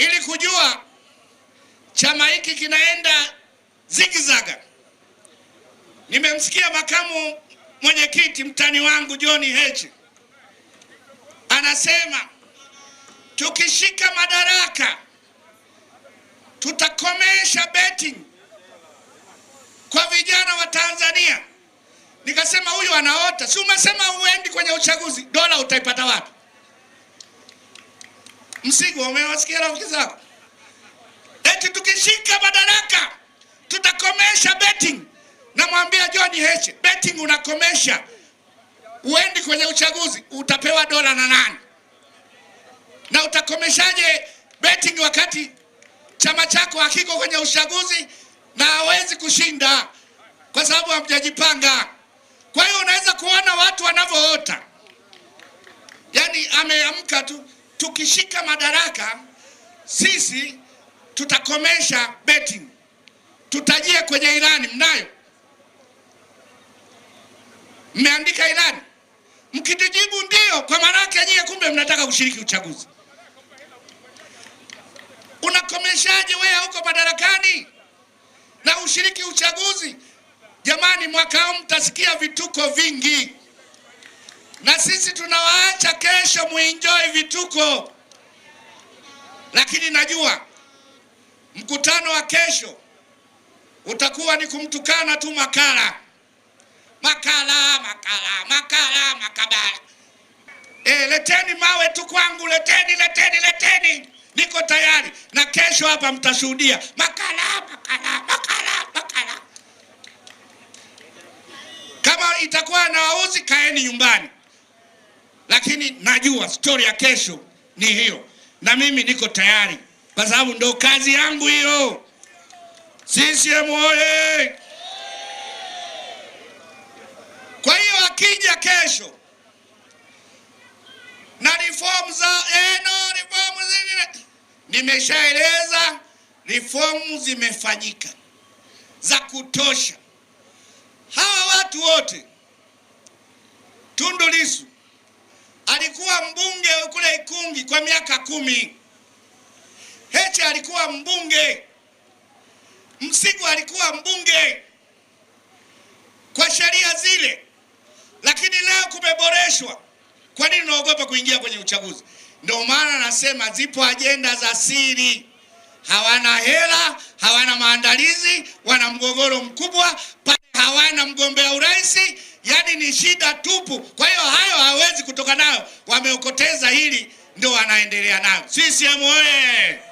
ili kujua chama hiki kinaenda zigizaga. Nimemsikia makamu mwenyekiti mtani wangu John Heche anasema tukishika madaraka tutakomesha betting kwa vijana wa Tanzania. Nikasema huyu anaota, si umesema uendi kwenye uchaguzi, dola utaipata wapi? Msigwa, umewasikia rafiki zako? Eti tukishika madaraka tutakomesha betting. Namwambia John Heche, betting unakomesha, uendi kwenye uchaguzi, utapewa dola na nani? Na utakomeshaje betting wakati chama chako hakiko kwenye uchaguzi na hawezi kushinda kwa sababu hamjajipanga. Kwa hiyo unaweza kuona watu wanavyoota, yani ameamka tu tukishika madaraka sisi tutakomesha betting. Tutajie kwenye ilani, mnayo mmeandika ilani? Mkitujibu ndio, kwa maana yake nyie kumbe mnataka kushiriki uchaguzi. Unakomeshaje wewe huko madarakani na ushiriki uchaguzi? Jamani, mwaka huu mtasikia vituko vingi sisi tunawaacha kesho muenjoy vituko, lakini najua mkutano wa kesho utakuwa ni kumtukana tu makala makala makala makala makabala. E, leteni mawe tu kwangu, leteni, leteni, leteni, niko tayari. Na kesho hapa mtashuhudia makala makala makala makala. Kama itakuwa na wauzi, kaeni nyumbani lakini najua stori ya kesho ni hiyo, na mimi niko tayari kwa sababu ndo kazi yangu hiyo. CCM oye! Kwa hiyo akija kesho na reform za eno, eh, reform zingine nimeshaeleza, reform zimefanyika za kutosha. Hawa watu wote Tundu Lissu alikuwa mbunge kule Ikungi kwa miaka kumi. Heche alikuwa mbunge, Msigu alikuwa mbunge kwa sheria zile, lakini leo kumeboreshwa. Kwa nini naogopa kuingia kwenye uchaguzi? Ndio maana nasema zipo ajenda za siri. Hawana hela, hawana maandalizi, wana mgogoro mkubwa pale, hawana mgombea urais ni shida tupu. Kwa hiyo hayo hawezi kutoka nayo, wameokoteza hili, ndio wanaendelea nayo. CCM oye!